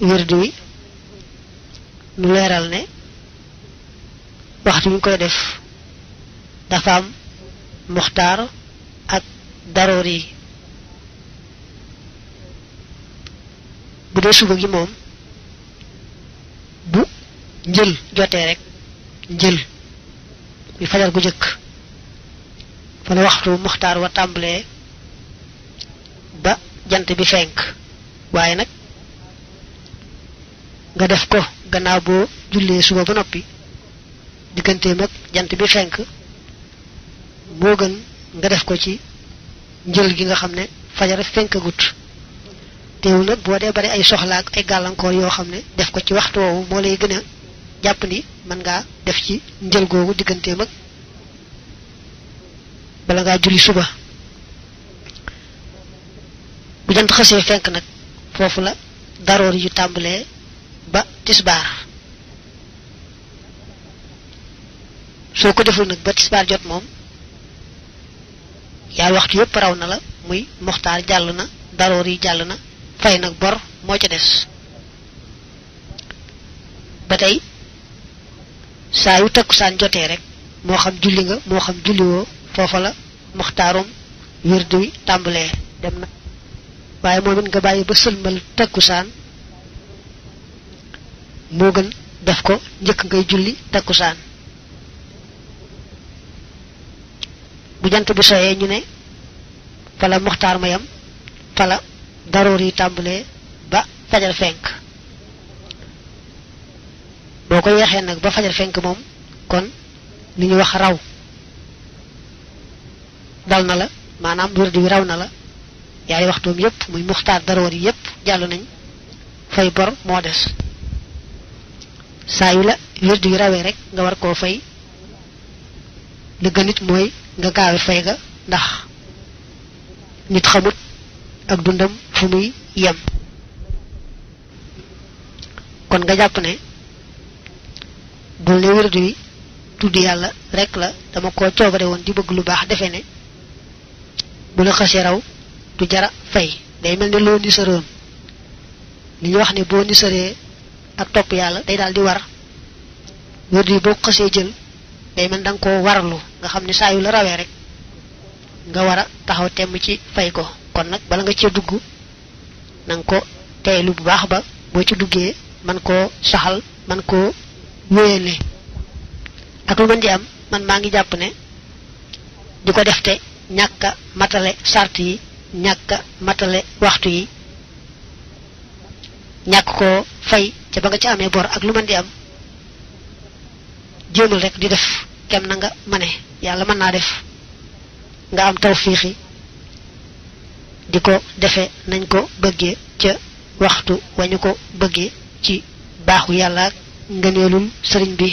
wirdu wi lu leeral ne waxtu mu koy def dafa am muxtaar ak daroor yi bu dee suba gi moom bu njël jotee rek njël muy fajar gu jëkk fa waxtu muxtaar wa tàmbalee ba jant bi fenk waaye nag nga def ko gannaaw boo jullee suba ba noppi digganteem ak jant bi fenk moo gën nga def ko ci njël gi nga xam ne fajar fenk gut teewul nag boo dee bari ay soxlaak ay gàllankoor yoo xam ne def ko ci waxtu woowu moo lay gën jàpp ni mën ngaa def ci njël googu digganteem ak bala ngaa julli suba bu jant xasee fenk nag foofu la daroor yu tàmbalee tisbaar soo ko deful nag ba tisbaar jot moom yaay waxtu yépp raw na la muy moxtaar jàll na daroor yi jàll na fay nag bor moo ca des ba tey saa yu takkusaan jotee rek moo xam julli nga moo xam julliwoo foofa la moxtaarum wérdu wi dem na waaye moom it nga bàyyi ba sëlmal takkusaan moo gën def ko njëkk ngay julli takkusaan bu jant bi soyee ñu ne fala muxtaar ma yam fala daroor yi tàmbalee ba fajar fenk boo ko yeexee nag ba fajar fenk moom kon li ñu wax raw dal na la maanaam wérdi wi raw na la yaay waxtoom yépp muy muxtaar daroor yi yépp jàll nañ fay bor moo des saa yu la wird yu rawee rek nga war koo fay li gën mooy nga gaawe fay ga ndax nit xamut ak dundam fu muy yem kon nga jàpp ne bul ne wird wi tudd yàlla rek la dama ko coobare woon di bëgg lu baax defe ne bu la xasee raw du jara fay day mel ne loo nisaroon li ñu wax ne boo nisaree ak topp yàlla day daal di war wird yi boo xasee jël day mel da nga koo nga xam ne saa la rawee rek nga war a taxaw temm ci fay ko kon nag bala nga cee dugg na nga ko teylu bu baax ba boo ci duggee man koo saxal man koo wéyale ak lu mën di am man maa ngi jàpp ne di ko defte ñàkk a matale sart yi ñàkk a matale waxtu yi ñàkk koo fay ca ba nga ca amee bor ak lu mën di am jéemal rek di def kem na nga mane yàlla mën naa def nga am tawfiixi di ko defee nañ ko bëggee ca waxtu wañu ko bëggee ci baaxu yàlla ak ngëneelul sëriñ bi